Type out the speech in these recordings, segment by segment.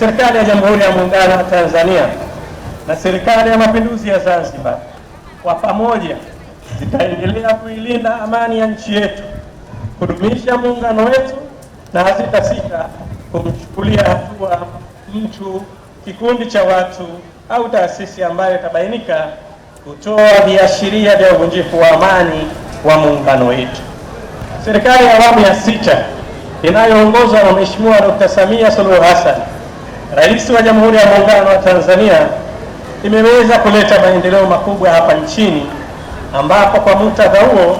Serikali ya Jamhuri ya Muungano wa Tanzania na Serikali ya Mapinduzi ya Zanzibar kwa pamoja zitaendelea kuilinda amani ya nchi yetu, kudumisha muungano wetu na hazitasita kumchukulia hatua mtu, kikundi cha watu au taasisi ambayo itabainika kutoa viashiria vya uvunjifu wa amani wa muungano wetu. Serikali ya awamu ya sita inayoongozwa na Mheshimiwa Dr. Samia Suluhu Hassan Rais wa Jamhuri ya Muungano wa Tanzania imeweza kuleta maendeleo makubwa hapa nchini, ambapo kwa muktadha huo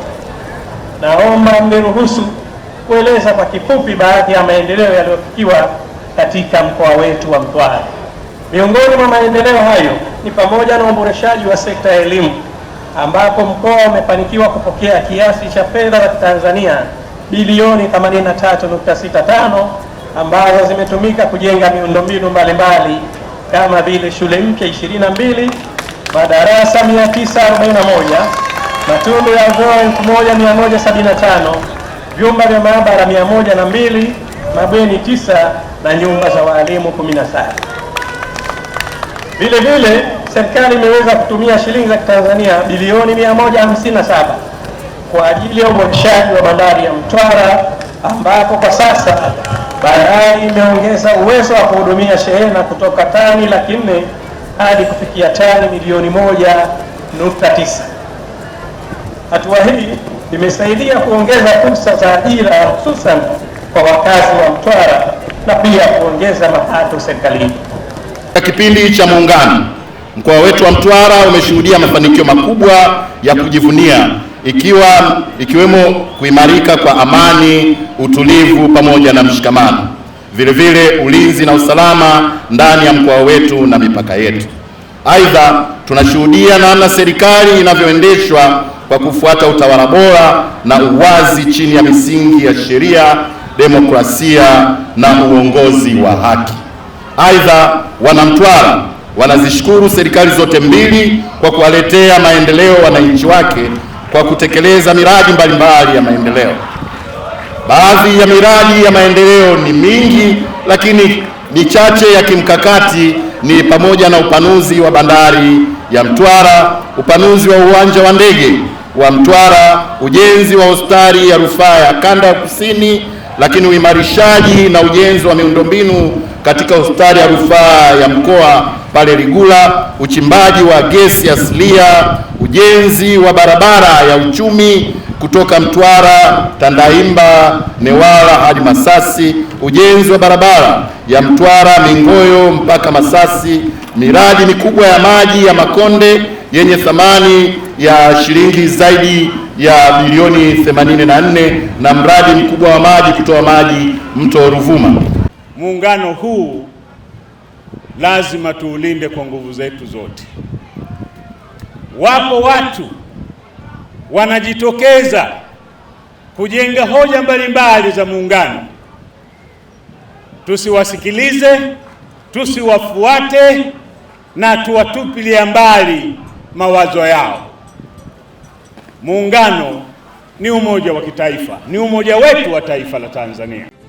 naomba mniruhusu kueleza kwa kifupi baadhi ya maendeleo yaliyofikiwa katika mkoa wetu wa Mtwara. Miongoni mwa maendeleo hayo ni pamoja na uboreshaji wa sekta ya elimu, ambapo mkoa umefanikiwa kupokea kiasi cha fedha za Tanzania bilioni 83.65 ambazo zimetumika kujenga miundombinu mbalimbali kama vile shule mpya 22, madarasa 941, matundu ya vyoo 1175, vyumba vya maabara 102, mabweni 9 na nyumba za walimu 17. Vile vile serikali imeweza kutumia shilingi za Tanzania bilioni 157 kwa ajili ya uboreshaji wa bandari ya Mtwara ambapo kwa sasa Baadaye imeongeza uwezo wa kuhudumia shehena kutoka tani laki nne hadi kufikia tani milioni moja nukta tisa. Hatua hii imesaidia kuongeza fursa za ajira hususan kwa wakazi wa Mtwara na pia kuongeza mapato serikalini. Katika kipindi cha Muungano, mkoa wetu wa Mtwara umeshuhudia mafanikio makubwa ya kujivunia ikiwa ikiwemo kuimarika kwa amani, utulivu pamoja na mshikamano, vilevile ulinzi na usalama ndani ya mkoa wetu na mipaka yetu. Aidha, tunashuhudia namna serikali inavyoendeshwa kwa kufuata utawala bora na uwazi chini ya misingi ya sheria, demokrasia na uongozi wa haki. Aidha, wanamtwara wanazishukuru serikali zote mbili kwa kuwaletea maendeleo wananchi wake kwa kutekeleza miradi mbalimbali ya maendeleo. Baadhi ya miradi ya maendeleo ni mingi, lakini michache ya kimkakati ni pamoja na upanuzi wa bandari ya Mtwara, upanuzi wa uwanja wa ndege wa Mtwara, ujenzi wa hospitali ya rufaa ya kanda ya kusini, lakini uimarishaji na ujenzi wa miundombinu katika hospitali ya rufaa ya mkoa pale Ligula, uchimbaji wa gesi asilia, ujenzi wa barabara ya uchumi kutoka Mtwara Tandaimba Newala hadi Masasi, ujenzi wa barabara ya Mtwara Mingoyo mpaka Masasi, miradi mikubwa ya maji ya Makonde yenye thamani ya shilingi zaidi ya bilioni 84 na mradi mkubwa wa maji kutoa maji mto Ruvuma. Muungano huu lazima tuulinde kwa nguvu zetu zote. Wapo watu wanajitokeza kujenga hoja mbalimbali za muungano, tusiwasikilize, tusiwafuate na tuwatupilie mbali mawazo yao. Muungano ni umoja wa kitaifa, ni umoja wetu wa taifa la Tanzania.